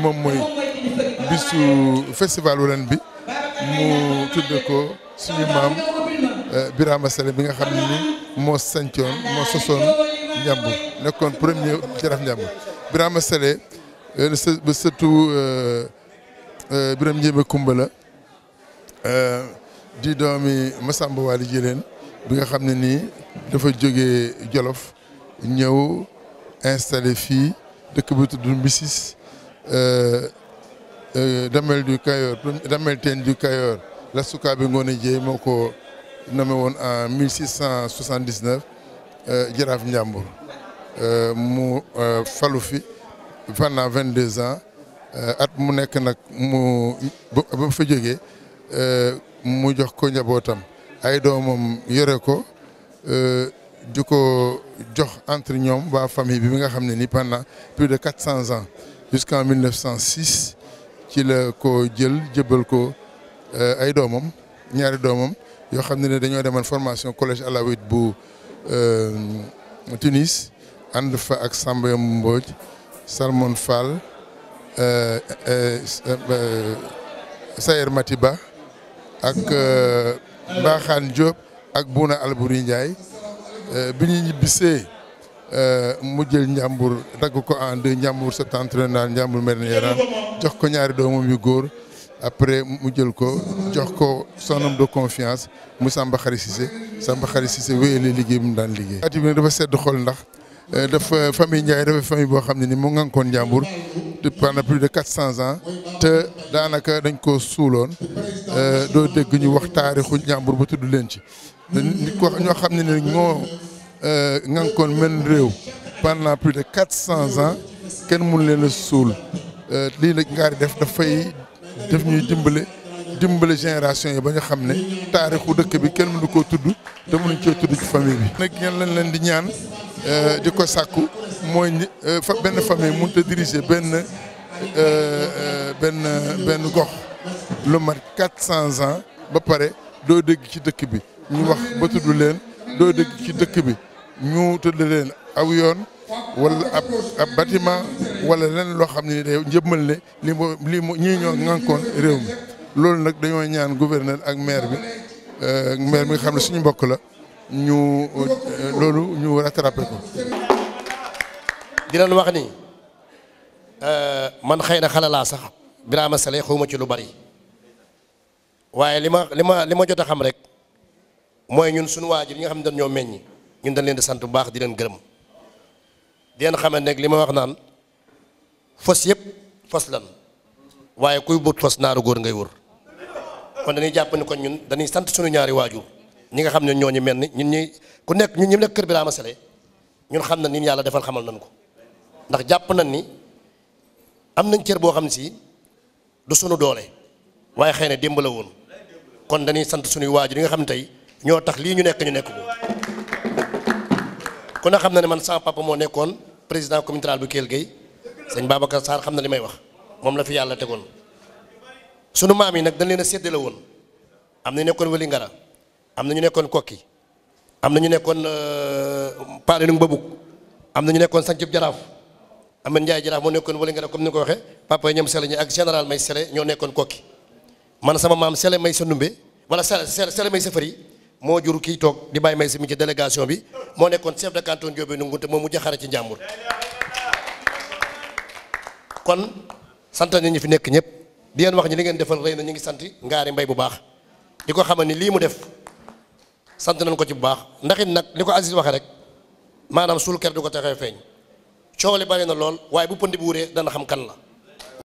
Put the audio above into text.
moom mooy bisu festival bi mu tudde ko suñu maam euh, Birama Sélé bi nga xam ni moo sancoon moo sosoon Njàmbur nekkoon premier jaraaf Njàmbur Birama Sélé ba surtout Birame Njéemé Kumba la euh, di doomi Masamba Waly Jëleen bi nga xam ne nii dafa jóge Jolof ñëw installé fii dëkk bi tudd Mbisis Euh, euh, Damel du Kayor Damel Tène du Kayor la Sukaabe Ngoone Dieye moo ko nommé woon en 1679 euh, Jaraaf Njàmbur mu falu fi vingt 22 ans at mu nekk nag mu ba fa jógee mu jox ko njabootam ay doomam yore ko di ko jox entre ñoom waa famille bi nga xam ne ni pendant plus de 400 ans. jusqu'en 1906 ci la ko jël jëbal ko euh, ay doomam ñaari doomam yoo xam ne ne dañoo demoon formation collège alawit bu euh, Tunis ànd fa ak Samba Yom Mbodj Salmon Fall euh, Sayer Matiba ak Baaxaan Diop ak Bouna Albouri Ndiaye bi ñu ñibbisee Euh, mu jël njàmbur dagg ko en deux njàmbur sa entraîneur njàmbur mer na yaraan jox ko ñaari doomam yu góor après mu jël ko jox ko son de confiance mu Samba Khary Cissé Samba Khary Cissé wéyale liggéey bu mu daan liggéey. at bi dafa sedd xol ndax euh, dafa famille Ndiaye dafa famille boo xam ne ni mu ngankoon njàmbur pendant plus de quatre cents ans te daanaka dañ ko suuloon euh, doo dégg ñu wax xu njàmbur bu tudd leen ci. ñoo xam ne ni ñoo. Euh, ngànkoon menn réew pendant plus de quatre cent ans kenn mun leen a suul euh, lii la Ngaari def dafay def ñuy dimbale dimbale génération yi ba nga xam ne taarixu dëkk bi kenn mënu koo tudd te mënuñ cee tudd ci famille bi. nag ñan lañ leen di ñaan euh, di ko sàkku mooy fa benn famille mënut a diriger benn benn benn gox lu mat quatre cent ans ba pare doo dégg ci dëkk bi ñu wax ba tudd leen doo dégg ci dëkk bi. ñu tëdd leen aw yoon wala ab ab bâtiment wala lenn loo xam ne day njëmmal ne lii moo lii moo ñii ñoo ŋànkoon réew mi loolu nag dañoo ñaan gouverneur ak maire bi euh, maire bi xam ne suñu mbokk la ñu euh, loolu ñu rattrapé ko. di leen wax ni euh, man xëy na xale laa sax Birama Sélé xaw ma ci lu bari waaye li ma li ma li ma jot a xam rek mooy ñun suñu waajur yi nga xam ne dañoo meññ. ñun dañ leen di sant bu baax di leen gërëm di leen xamal nag li ma wax naan fos yëpp fos lan waaye kuy buut fas naaru góor ngay wër kon dañuy jàpp ni ñun dañuy sant suñu ñaari waajur ñi nga xam ne ñoo ñu mel ni ñun ñuy ku nekk ñun ñi nekk bi daa sele ñun xam na ni yàlla defal xamal nañ ko ndax jàpp nañ ni am nañ cër boo xam ne si du sunu doole waaye xëy na démb la woon kon dañuy sant suñuy waajur yi nga xam ne tey ñoo tax lii ñu nekk ñu nekk ko kon ne xam na ne man sama papa moo nekkoon président communal bu Kell Gueye sañ Babacar Sarr xam na li may wax moom la fi yàlla tegoon sunu maam yi nag dañ leen a séddale woon am na ñu nekkoon Wélingara am na ñu nekkoon Kokki am na ñu nekkoon euh, Paalinung Babuk am na ñu nekkoon Sancib Jaraaf Amen Ndiaye Jaraaf moo nekkoon Wélingara comme ni nga ko waxee papa yi ñoom Sele ak général may Sele ñoo nekkoon Kokki man sama maam Sele may sa numbe wala Sele Sele may sa fari moo jur kii toog di bàyyi may si ci délégation bi moo nekkoon chef de canton Ndiobéne Ngounte moom mu jaxare ci njàmbur kon sant nañ ñi fi nekk ñëpp di leen wax ñi li ngeen defal rëy na ñu ngi sant ngaari mbay bu baax di ko xamal ni lii mu def sant nañ ko ci bu baax ndax it nag li ko Aziz waxee rek maanaam suul ker du ko taxee feeñ coow li bari na lool waaye bu pënd bu wuree dana xam kan la